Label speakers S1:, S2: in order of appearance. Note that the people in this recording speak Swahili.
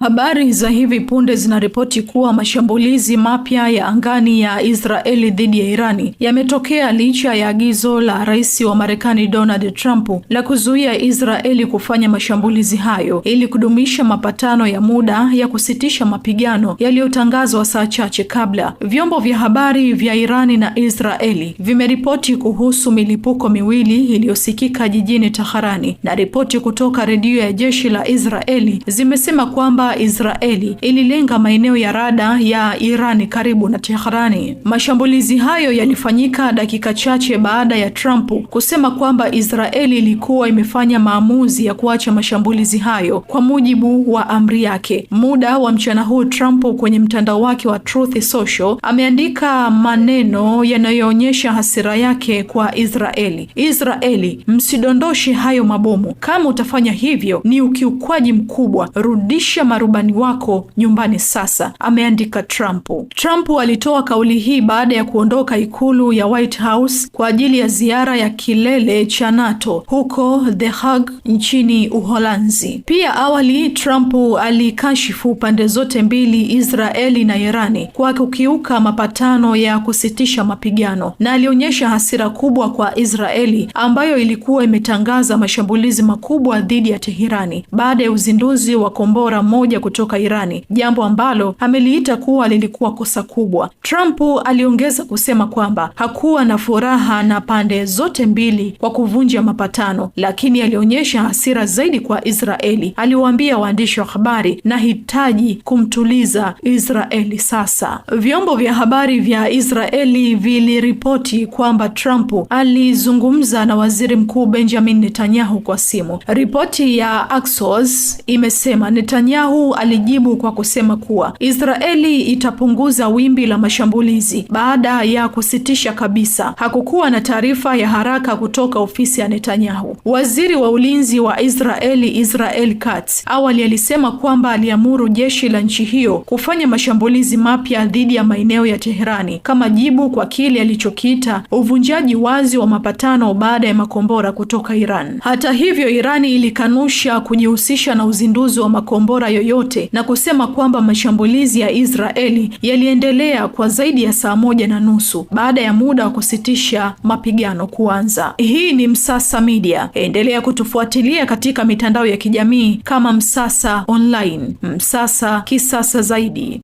S1: Habari za hivi punde zinaripoti kuwa mashambulizi mapya ya angani ya Israeli dhidi ya Irani yametokea licha ya agizo la Rais wa Marekani Donald Trump la kuzuia Israeli kufanya mashambulizi hayo ili kudumisha mapatano ya muda ya kusitisha mapigano yaliyotangazwa saa chache kabla. Vyombo vya habari vya Irani na Israeli vimeripoti kuhusu milipuko miwili iliyosikika jijini Taharani, na ripoti kutoka redio ya jeshi la Israeli zimesema kwamba Israeli ililenga maeneo ya rada ya irani karibu na Tehrani. Mashambulizi hayo yalifanyika dakika chache baada ya Trump kusema kwamba Israeli ilikuwa imefanya maamuzi ya kuacha mashambulizi hayo kwa mujibu wa amri yake. Muda wa mchana huu, Trump kwenye mtandao wake wa Truth Social ameandika maneno yanayoonyesha hasira yake kwa Israeli. Israeli, msidondoshe hayo mabomu. Kama utafanya hivyo ni ukiukwaji mkubwa. Rudisha marubani wako nyumbani sasa, ameandika Trump. Trump alitoa kauli hii baada ya kuondoka ikulu ya White House kwa ajili ya ziara ya kilele cha NATO huko The Hague nchini Uholanzi. Pia awali Trump alikashifu pande zote mbili, Israeli na Irani, kwa kukiuka mapatano ya kusitisha mapigano na alionyesha hasira kubwa kwa Israeli ambayo ilikuwa imetangaza mashambulizi makubwa dhidi ya Teherani baada ya uzinduzi wa kombora moja moja kutoka Irani, jambo ambalo ameliita kuwa lilikuwa kosa kubwa. Trump aliongeza kusema kwamba hakuwa na furaha na pande zote mbili kwa kuvunja mapatano, lakini alionyesha hasira zaidi kwa Israeli. Aliwaambia waandishi wa habari, nahitaji kumtuliza Israeli sasa. Vyombo vya habari vya Israeli viliripoti kwamba Trump alizungumza na waziri mkuu Benjamin Netanyahu kwa simu. Ripoti ya Axios imesema Netanyahu mkuu alijibu kwa kusema kuwa Israeli itapunguza wimbi la mashambulizi baada ya kusitisha kabisa. Hakukuwa na taarifa ya haraka kutoka ofisi ya Netanyahu. Waziri wa ulinzi wa Israeli Israel Katz awali alisema kwamba aliamuru jeshi la nchi hiyo kufanya mashambulizi mapya dhidi ya maeneo ya Teherani kama jibu kwa kile alichokiita uvunjaji wazi wa mapatano baada ya makombora kutoka Iran. Hata hivyo, Irani ilikanusha kujihusisha na uzinduzi wa makombora yoyote yote na kusema kwamba mashambulizi ya Israeli yaliendelea kwa zaidi ya saa moja na nusu baada ya muda wa kusitisha mapigano kuanza. Hii ni Msasa Media. Endelea kutufuatilia katika mitandao ya kijamii kama Msasa Online. Msasa kisasa zaidi.